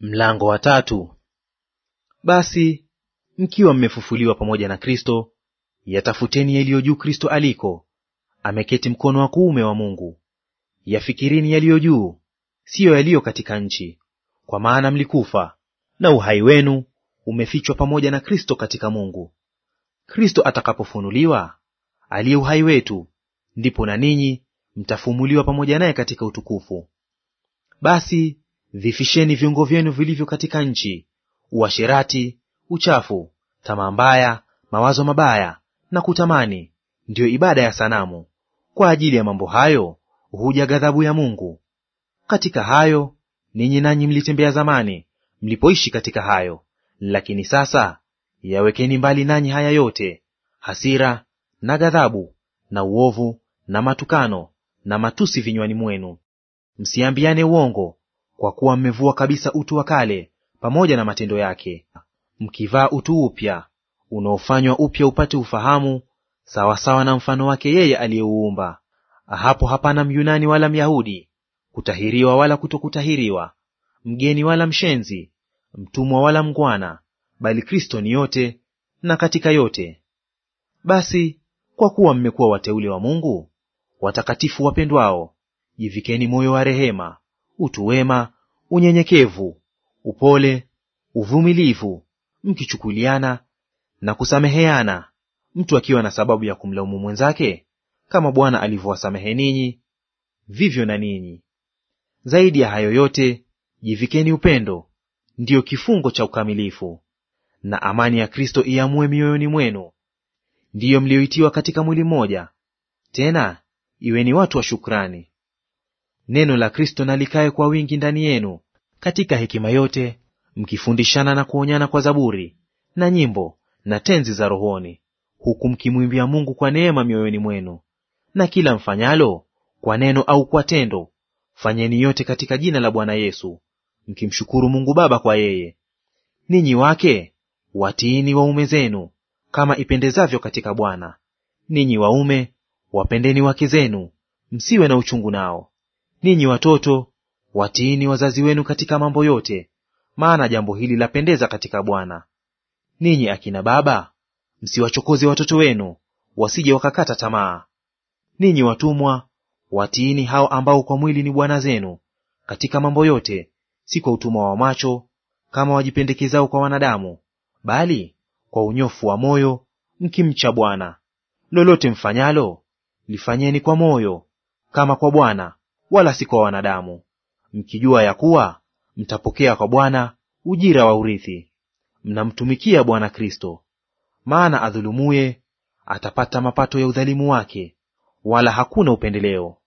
Mlango wa tatu. Basi mkiwa mmefufuliwa pamoja na Kristo, yatafuteni yaliyo juu Kristo aliko, ameketi mkono wa kuume wa Mungu. Yafikirini yaliyo juu, siyo yaliyo katika nchi, kwa maana mlikufa, na uhai wenu umefichwa pamoja na Kristo katika Mungu. Kristo atakapofunuliwa, aliye uhai wetu, ndipo na ninyi mtafumuliwa pamoja naye katika utukufu. Basi Vifisheni viungo vyenu vilivyo katika nchi, uasherati, uchafu, tamaa mbaya, mawazo mabaya na kutamani, ndiyo ibada ya sanamu. Kwa ajili ya mambo hayo huja ghadhabu ya Mungu. Katika hayo ninyi nanyi mlitembea zamani, mlipoishi katika hayo. Lakini sasa yawekeni mbali nanyi haya yote, hasira na ghadhabu na uovu na matukano na matusi vinywani mwenu. Msiambiane uongo kwa kuwa mmevua kabisa utu wa kale pamoja na matendo yake, mkivaa utu upya unaofanywa upya upate ufahamu sawasawa na mfano wake yeye aliyeuumba. Hapo hapana Myunani wala Myahudi, kutahiriwa wala kutokutahiriwa, mgeni wala mshenzi, mtumwa wala mgwana bali Kristo ni yote na katika yote. Basi kwa kuwa mmekuwa wateule wa Mungu, watakatifu wapendwao, jivikeni moyo wa rehema, utu wema, unyenyekevu, upole, uvumilivu, mkichukuliana na kusameheana, mtu akiwa na sababu ya kumlaumu mwenzake, kama Bwana alivyowasamehe ninyi, vivyo na ninyi. Zaidi ya hayo yote, jivikeni upendo, ndiyo kifungo cha ukamilifu. Na amani ya Kristo iamue mioyoni mwenu, ndiyo mlioitiwa katika mwili mmoja, tena iweni watu wa shukrani neno la Kristo na kwa wingi ndani yenu katika hekima yote, mkifundishana na kuonyana kwa zaburi na nyimbo na tenzi za rohoni, huku mkimwimbia Mungu kwa neema mioyoni mwenu. Na kila mfanyalo, kwa neno au kwa tendo, fanyeni yote katika jina la Bwana Yesu, mkimshukuru Mungu Baba kwa yeye. Ninyi wake watiini waume zenu kama ipendezavyo katika Bwana. Ninyi waume wapendeni wake zenu, msiwe na uchungu nao. Ninyi watoto, watiini wazazi wenu katika mambo yote, maana jambo hili lapendeza katika Bwana. Ninyi akina baba, msiwachokoze watoto wenu, wasije wakakata tamaa. Ninyi watumwa, watiini hao ambao kwa mwili ni bwana zenu katika mambo yote, si kwa utumwa wa macho kama wajipendekezao kwa wanadamu, bali kwa unyofu wa moyo, mkimcha Bwana. Lolote mfanyalo lifanyeni kwa moyo, kama kwa Bwana wala si kwa wanadamu, mkijua ya kuwa mtapokea kwa Bwana ujira wa urithi, mnamtumikia Bwana Kristo. Maana adhulumuye atapata mapato ya udhalimu wake, wala hakuna upendeleo.